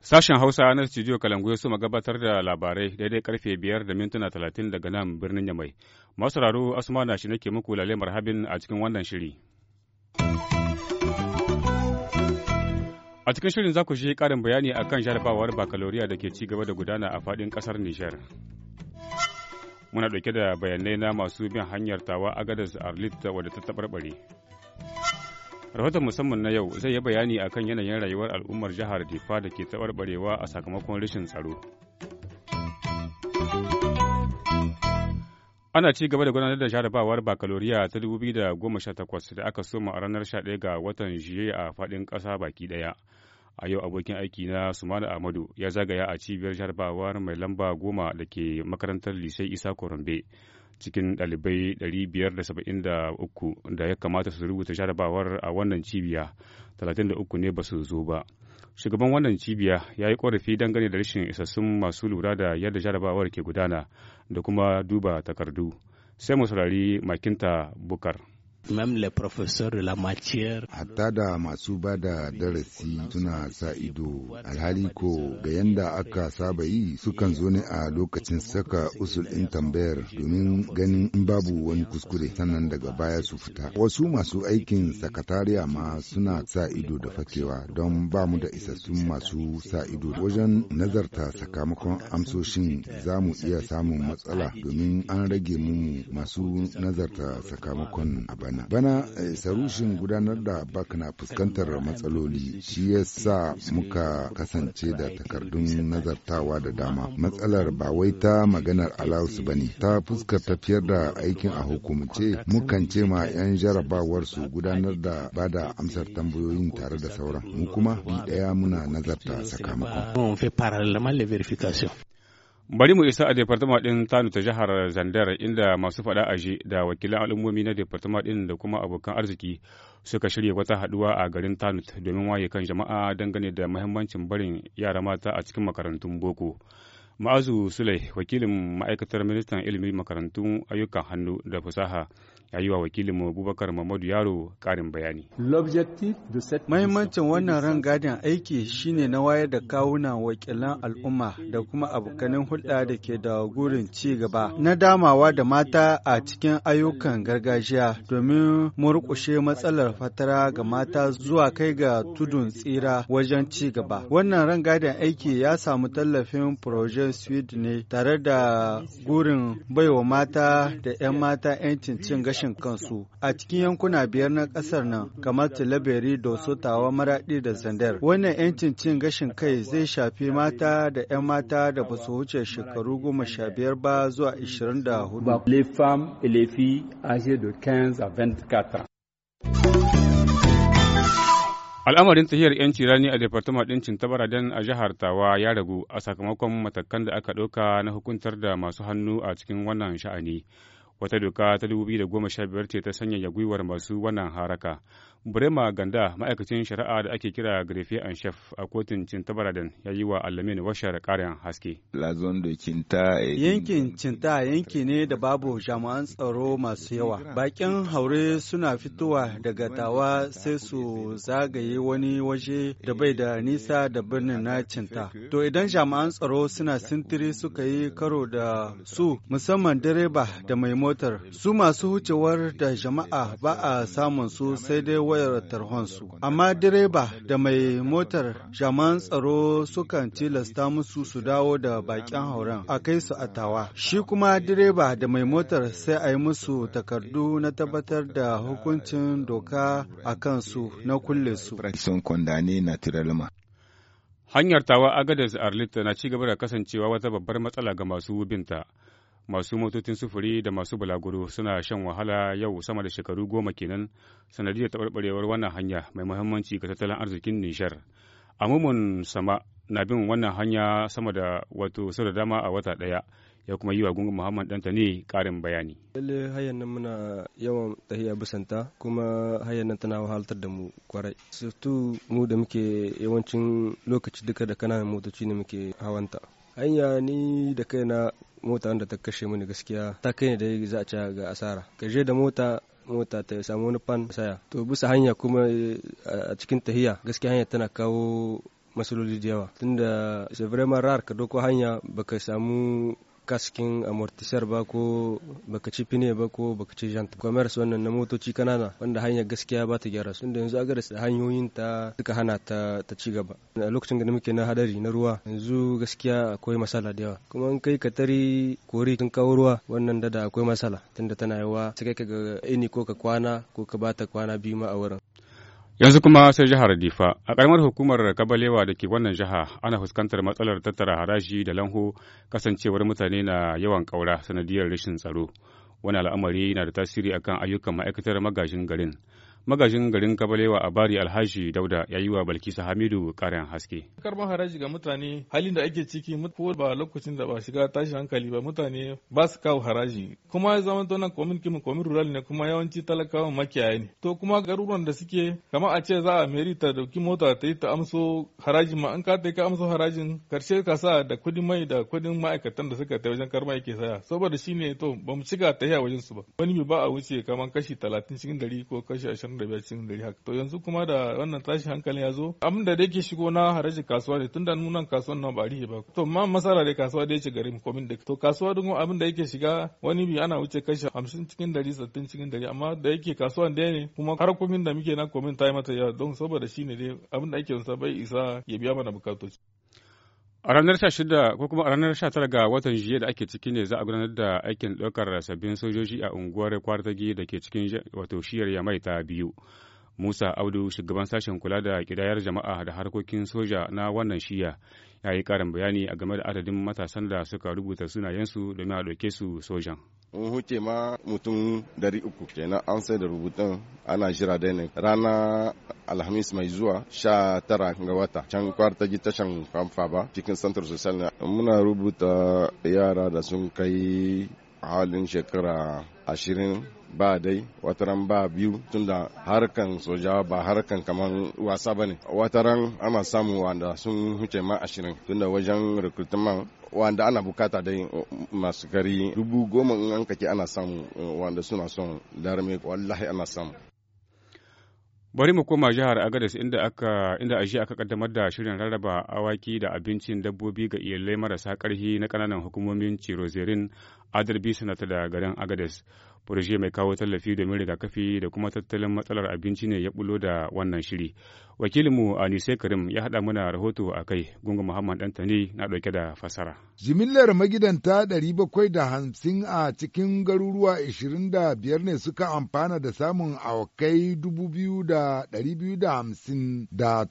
Sashen Hausa na studio Kalangu ya suma gabatar da labarai daidai karfe biyar da mintuna talatin daga nan birnin Yamai. Masu raro Asuma na shi nake muku lalle marhabin a cikin wannan shiri. A cikin shirin za ku shi karin bayani akan jarabawar bakaloriya da ke ci gaba da gudana a faɗin ƙasar Nijar. muna ɗauke da bayanai na masu bin hanyar tawa a agadas arlit wadda ta taɓarɓare rahoton musamman na yau zai yi bayani akan yanayin rayuwar al'ummar jihar difa da ke taɓarɓarewa a sakamakon rashin tsaro ana ci gaba da gudanar da jarabawar bakaloriya ta 2018 da aka soma a ranar 11 ga watan jiya a faɗin ƙasa baki ɗaya. a yau abokin aiki na sumana amadu ya zagaya a cibiyar jarabawar mai lamba goma da ke makarantar lisai isa korombe cikin ɗalibai 573 da ya kamata su rubuta jarabawar a wannan cibiya 33 ne ba su zo ba shugaban wannan cibiya ya yi ƙorafi dangane da rashin isassun masu lura da yadda jarabawar ke gudana da kuma duba takardu sai mu saurari makinta bukar même les professeurs Hatta da masu ba da darasi suna sa ido alhali ko ga yanda aka saba yi sukan zo ne a lokacin saka usul ɗin tambayar domin ganin in babu wani kuskure sannan daga baya su fita. Wasu masu aikin sakatariya ma suna sa ido da fakewa don ba mu da isassun masu sa ido wajen nazarta sakamakon amsoshin za mu iya samun matsala domin an rage mu masu nazarta sakamakon a bana bana eh, sarushin gudanar da bak na fuskantar matsaloli shi ya sa muka kasance da takardun nazartawa da dama matsalar ba wai ta maganar alausu ba ne ta fuskar tafiyar da aikin a hukumce mukan ce ma 'yan jarabawar su gudanar da ba da amsar tambayoyin tare da sauran mu kuma bi daya muna nazarta sakamakon Bari mu isa a departama ɗin Tanu ta jihar Zandar inda masu faɗa je da wakilan al'ummomi na departama ɗin da kuma abokan arziki suka shirya wata haɗuwa a garin Tanut domin waye kan jama'a dangane da muhimmancin barin yara mata a cikin makarantun boko. Ma'azu Sulai, wakilin ma'aikatar ministan ilimin makarantun ayyukan hannu da fasaha ya yi wa wakilin Abubakar Mamadu Yaro karin bayani. Mahimmancin wannan rangadin aiki shine na wayar da kawuna wakilan al'umma da kuma abokanin hulɗa da ke da gurin ci gaba na damawa da mata a cikin ayyukan gargajiya domin murƙushe matsalar fatara ga mata zuwa kai ga tudun tsira wajen ci gaba. Wannan rangadin aiki ya samu tallafin Projet Sweden ne tare da gurin baiwa mata da 'yan mata 'yancin cin gashi gashin kansu a cikin yankuna biyar na kasar nan kamar Tilaberi, Doso, Tawa, Maraɗi da Zandar. Wannan 'yancin cin gashin kai zai shafi mata da 'yan mata da ba su wuce shekaru goma sha biyar ba zuwa ashirin da hudu. Al'amarin tsakiyar 'yanci rani a Departama ta Tabaradan a jihar Tawa ya ragu a sakamakon matakan da aka ɗauka na hukuntar da masu hannu a cikin wannan sha'ani. wata doka ta 2015 ce ta sanyaya gwiwar masu wannan haraka Burema Ganda ma'aikacin shari'a da ake kira Grefe and Chef a kotun Cintabaradan ya yi wa Alamin washar ƙarin haske. Yankin Cinta yanki ne da babu jami'an tsaro masu yawa. Bakin haure suna fitowa daga tawa sai su zagaye wani waje da bai da nisa da birnin na Cinta. To idan jami'an tsaro suna sintiri suka yi karo da su musamman direba da mai motar. Su masu wucewar da jama'a ba a samun su sai dai wayar tarhonsu. Amma direba da mai motar jaman tsaro sukan tilasta musu su dawo da bakin hauren a kai su a tawa. Shi kuma direba da mai motar sai a yi musu takardu na tabbatar da hukuncin doka a kansu na kulle su. Hanyar tawa Agadez Arlita na ci gaba da kasancewa wata babbar matsala ga masu binta. masu motocin sufuri da masu balaguro suna shan wahala yau sama da shekaru goma kenan sanadiyar taɓarɓarewar wannan hanya mai muhimmanci ga tattalin arzikin nishar amumun sama na bin wannan hanya sama da wato sau da dama a wata daya ya kuma yi wa gungun muhammad danta ne karin bayani lalle hayan nan muna yawan tahiya bisanta kuma hayan nan tana wahaltar da mu kwarai surtu mu da muke yawancin lokaci duka da kananan motoci ne muke hawanta hanya ni da kaina mota wanda ta kashe mini gaskiya ta kai ne da za a ci ga asara ka da mota mota ta samu wani fan saya to bisa hanya kuma eh, a cikin tahiya gaskiya hanya tana kawo masaloli da yawa tunda c'est vraiment rare ka doko hanya baka samu kaskin amortisar ba ko baka ci fine ba ko baka ci janta commerce wannan na motoci kanana wanda hanya gaskiya ba ta gyara su da yanzu agar da hanyoyin ta suka hana ta ta ci gaba a lokacin da muke na hadari na ruwa yanzu gaskiya akwai masala da yawa kuma in kai ka tari kori tun kawo ruwa wannan dada akwai masala tunda tana yawa sai ka ga ini ko ka kwana ko ka bata kwana biyu ma a wurin Yanzu kuma sai jihar Difa, a karamar hukumar Kabalewa da ke wannan jiha ana fuskantar matsalar tattara haraji da lanho kasancewar mutane na yawan kaura sanadiyar rashin tsaro. Wani al'amari na da tasiri akan ayyukan ma'aikatar magajin garin. magajin garin kabalewa a bari alhaji dauda ya yi wa balkisa hamidu karin haske karban haraji ga mutane halin da ake ciki ko ba lokacin da ba shiga tashi hankali ba mutane ba su kawo haraji kuma ya zama tonan komin kimin komin rural ne kuma yawanci talakawa makiyaya ne to kuma garuruwan da suke kamar a ce za a meri ta dauki mota ta yi ta amso harajin ma an ka ta ka amso harajin karshe ka sa da kudin mai da kudin ma'aikatan da suka ta wajen karma yake saya saboda shine to ba mu shiga ta wajen su ba wani bi ba a wuce kamar kashi talatin cikin dari ko kashi ashirin 25 cikin dari haka to yanzu kuma da wannan tashin hankalin ya zo abin da dai ke shigo na haraji kasuwa ne tunda nunan kasuwan nan ba rihe ba to ma masara da kasuwa da ce garin komin da to kasuwa dun abin da yake shiga wani bi ana wuce kashi 50 cikin dari 60 cikin dari amma da yake kasuwan da ne kuma har komin da muke na komin ta yi mata yawa don saboda shine dai abin da ake sa bai isa ya biya mana bukatoci A ranar 16 ko kuma a ranar 19 ga watan jiya da ake ciki ne za a gudanar da aikin ɗaukar sabbin sojoji a unguwar kwartagi da ke cikin wato shiyar Yamai ta biyu. Musa Audu shugaban sashen kula da kidayar jama'a da harkokin soja na wannan shiya ya yi karin bayani a game da adadin matasan da suka rubuta sunayensu domin a ɗauke su sojan. in huce ma mutum dari uku kenan an sai da rubutun ana jira daina rana alhamis mai zuwa sha tara ga wata can kwarta ji tashan famfa ba cikin santar social muna rubuta yara da sun kai halin shekara ashirin ba dai wataran ba biyu tunda harkan soja ba harkan kamar wasa ba ne wataran ana samu wanda sun huce ma ashirin tunda wajen recruitment wanda ana bukata dai eh, masu gari dubu goma in an kake ana samu eh, wanda suna son larame wallahi ana samu bari mu koma jihar agadis inda aka inda aka kaddamar da shirin rarraba awaki da abincin dabbobi ga iyalai marasa karhi na kananan hukumomin cirozerin adarbi sanata da garin agadis Furashe mai kawo tallafi domin rigakafi da kuma tattalin matsalar abinci ne ya bulo da wannan shiri. Wakilinmu Anise Karim ya haɗa mana rahoto a kai Gunga Muhammad Dantani na ɗauke da fasara. Jimillar magidanta ɗari bakwai da hamsin a cikin garuruwa ishirin ne suka amfana da samun awakai dubu biyu da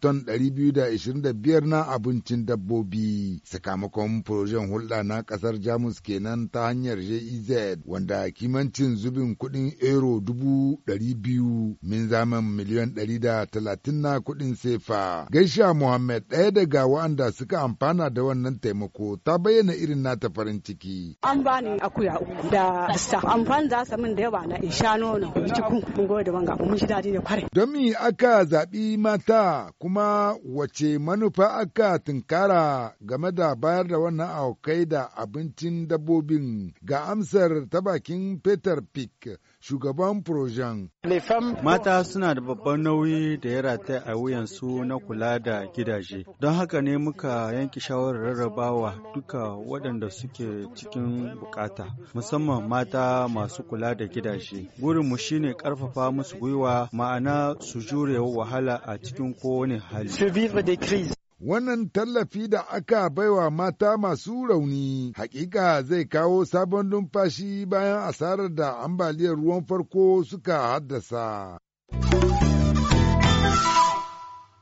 ton ɗari na abincin dabbobi. Sakamakon furojen hulɗa na ƙasar Jamus kenan ta hanyar JEZ wanda kimancin zubin kudin euro dubu dari biyu min zaman miliyan dari da talatin na kudin sefa. Gaisha Muhammad ɗaya daga wa'anda suka amfana da wannan taimako ta bayyana irin nata farin ciki. An bani akuya da sa amfani za su min da yawa na isha nono cikin da wanga mun shi daɗi da kware. Domi aka zaɓi mata kuma wace manufa aka tunkara game da bayar da wannan aukai da abincin dabbobin ga amsar ta bakin Peter Olympic shugaban Projan. Mata suna da babban nauyi da ya rataya a wuyansu na kula da gidaje. Don haka ne muka yanke shawarar rarrabawa duka waɗanda suke cikin bukata, musamman mata masu kula da gidaje. Gurinmu shi ne ƙarfafa musu gwiwa ma'ana su jure wahala a cikin kowane hali. Wannan tallafi da aka baiwa mata masu rauni hakika zai kawo sabon numfashi bayan asarar da ambaliyar ruwan farko suka haddasa.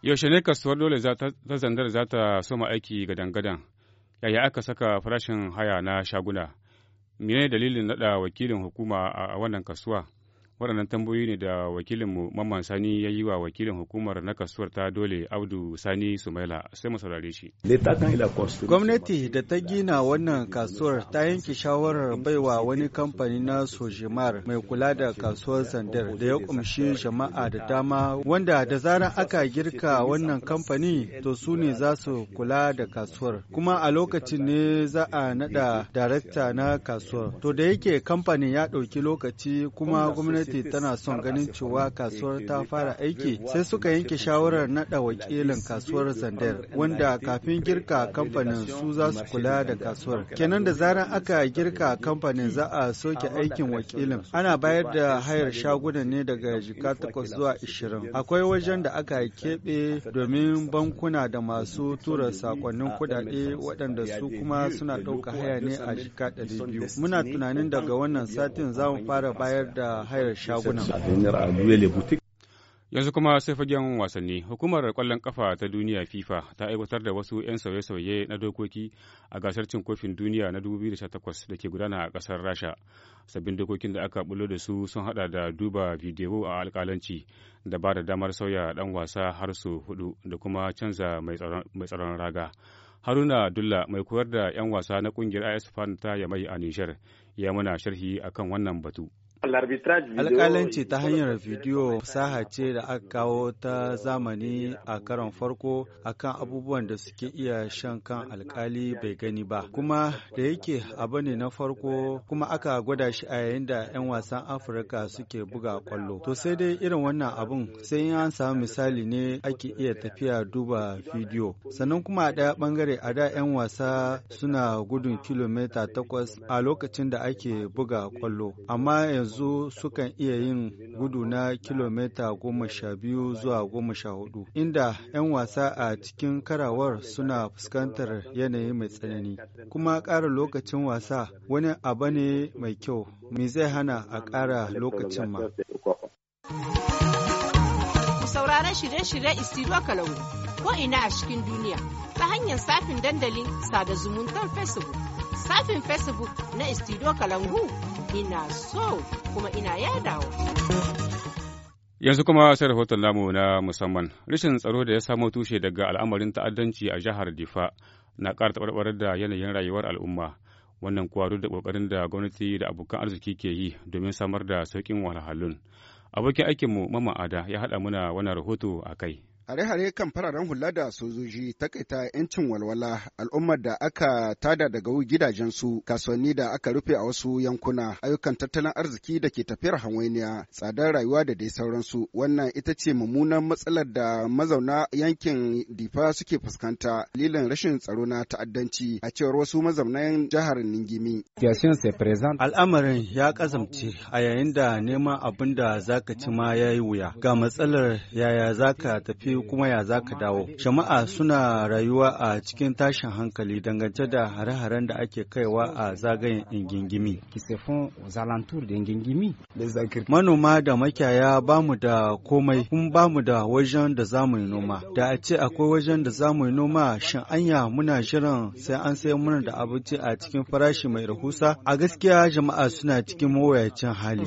Yaushe ne kasuwar dole ta zandar za ta soma aiki gadan-gadan, yaya aka saka farashin haya na shaguna, mene dalilin nada wakilin hukuma a wannan kasuwa? waɗannan tambayoyi ne da wakilinmu mamman sani ya yi wa wakilin hukumar na kasuwar ta dole abdu sani sumaila sai mu saurare shi gwamnati da ta gina wannan kasuwar ta yanke shawarar baiwa wani kamfani na sojimar mai kula da kasuwar zandar da ya kumshi jama'a da dama wanda da zarar aka girka wannan kamfani to su ne za su kula da kasuwar kuma a lokacin ne za a nada darakta na kasuwar to da yake kamfani ya ɗauki lokaci kuma gwamnati gwamnati tana son ganin cewa kasuwar ta fara aiki sai suka yanke shawarar naɗa wakilin kasuwar Zandar wanda kafin girka kamfanin su za su kula da kasuwar. Kenan da zaran aka girka kamfanin za a soke aikin wakilin. Ana bayar da hayar shagunan ne daga jika takwas zuwa ishirin. Akwai wajen da aka keɓe domin bankuna da masu tura sakonnin kuɗaɗe waɗanda su kuma suna ɗauka haya ne a jika ɗari biyu. Muna tunanin daga wannan satin za mu fara bayar da hayar shagunan. Yanzu kuma sai fagen wasanni, hukumar kwallon kafa ta duniya FIFA ta aiwatar da wasu 'yan sauye-sauye na dokoki a gasar cin kofin duniya na 2018 da ke gudana a kasar Rasha. Sabbin dokokin da aka bulo da su sun hada da duba bidiyo a alkalanci da ba da damar sauya ɗan wasa har su hudu da kuma canza mai tsaron raga. Haruna Dulla mai koyar da 'yan wasa na kungiyar IS Fan ta Yamai a Nijar ya mana sharhi akan wannan batu. Alƙalanci ta hanyar bidiyo fasaha ce da aka kawo ta zamani a karon farko akan abubuwan da suke iya shan kan alkali bai gani ba. Kuma da yake abu ne na farko kuma aka gwada shi a yayin da 'yan wasan Afirka suke buga kwallo To sai dai irin wannan abun sai an samu misali ne ake iya tafiya duba bidiyo. Sannan kuma a ɗaya ɓangare a da 'yan wasa suna gudun kilomita takwas a lokacin da ake buga kwallo Amma yanzu yanzu sukan iya yin gudu na kilomita goma sha biyu zuwa goma sha hudu, inda 'yan wasa a cikin karawar suna fuskantar yanayi mai tsanani. Kuma ƙara lokacin wasa wani abu ne mai kyau, me zai hana a ƙara lokacin ma. Sauraron shirye-shirye Istiduwa Kalangu ko ina a cikin duniya ta hanyar safin dandalin sada zumuntar Facebook. Safin Facebook na Istiduwa Kalangu ina so kuma ina yadawa. Yanzu kuma sai rahoton namu na musamman. Rashin tsaro da ya samo tushe daga al'amarin ta'addanci a jihar Difa na ƙara taɓarɓarar da yanayin rayuwar al'umma. Wannan kuwa duk da ƙoƙarin da gwamnati da abokan arziki ke yi domin samar da sauƙin wahalhalun. Abokin aikinmu Mama Ada ya haɗa muna wannan rahoto a kai. hare-hare kan fararen hula da sojoji takaita 'yancin walwala al'ummar da aka tada daga gidajensu kasuwanni da aka rufe a wasu yankuna ayyukan tattalin arziki da ke tafiyar hanwainiya tsadar rayuwa da dai sauransu wannan ita ce mummunan matsalar da mazauna yankin difa suke fuskanta dalilin rashin tsaro na ta'addanci a cewar wasu mazaunan jihar ningimi al'amarin ya kazamce a yayin da neman abin da zaka ci ma ya yi wuya ga matsalar yaya zaka tafi kuma ya za ka dawo jama'a suna rayuwa a cikin tashin hankali dangance da hare-haren da ake kaiwa a zagayen ingingimi manoma da makiyaya ba mu da komai kuma ba mu da wajen da za mu yi noma da a ce akwai wajen da za mu yi noma shin anya muna jiran sai an sayar mana da abinci a cikin farashi mai rahusa a gaskiya jama'a suna cikin mawuyacin hali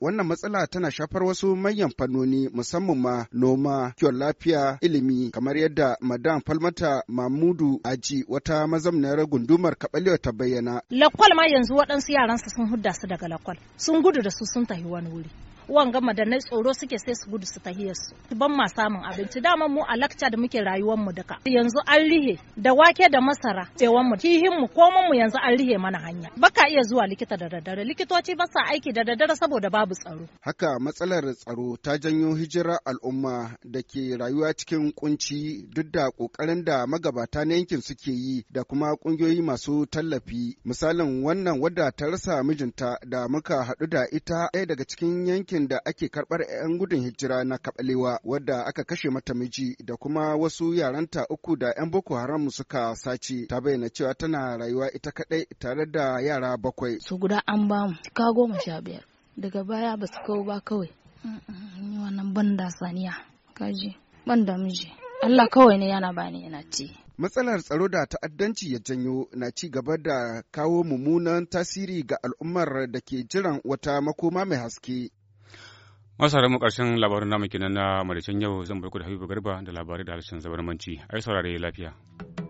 wannan matsala tana shafar wasu manyan fannoni musamman ma noma kiwon lafiya ilimi kamar yadda madam falmata mamudu aji wata mazamniyar gundumar kabaliwa ta bayyana lakwal ma yanzu waɗansu yaransa sun hudda su daga lakwal sun gudu da su sun tafi wani wuri uwan gama da na tsoro suke sai su gudu su tahiyar su ban ma samun abinci dama mu a lakca da muke rayuwar mu duka yanzu an rihe da wake da masara tsewan mu kihin mu mun mu yanzu an rihe mana hanya baka iya zuwa likita da daddare likitoci ba sa aiki da daddare saboda babu tsaro haka matsalar tsaro ta janyo hijira al'umma da ke rayuwa cikin kunci duk da kokarin da magabata na yankin suke yi da kuma kungiyoyi masu tallafi misalin wannan wadda ta rasa mijinta da muka haɗu da ita ɗaya daga cikin yankin ɗakin da ake karɓar 'yan gudun hijira na Kabalewa wadda aka kashe mata miji da kuma wasu yaranta uku da 'yan Boko Haram suka sace ta bayyana cewa tana rayuwa ita kaɗai tare da yara bakwai. Su guda an ba mu ka goma sha biyar daga baya ba su kawo ba kawai. wannan ban da saniya kaji ban da miji Allah kawai ne yana bani yana ci. matsalar tsaro da ta'addanci ya janyo na ci gaba da kawo mummunan tasiri ga al'ummar da ke jiran wata makoma mai haske. masu mu karshen labarin namu kenan na maraicen yau zan barku da habibu garba da labarai da harshen zabarmanci ai saurare lafiya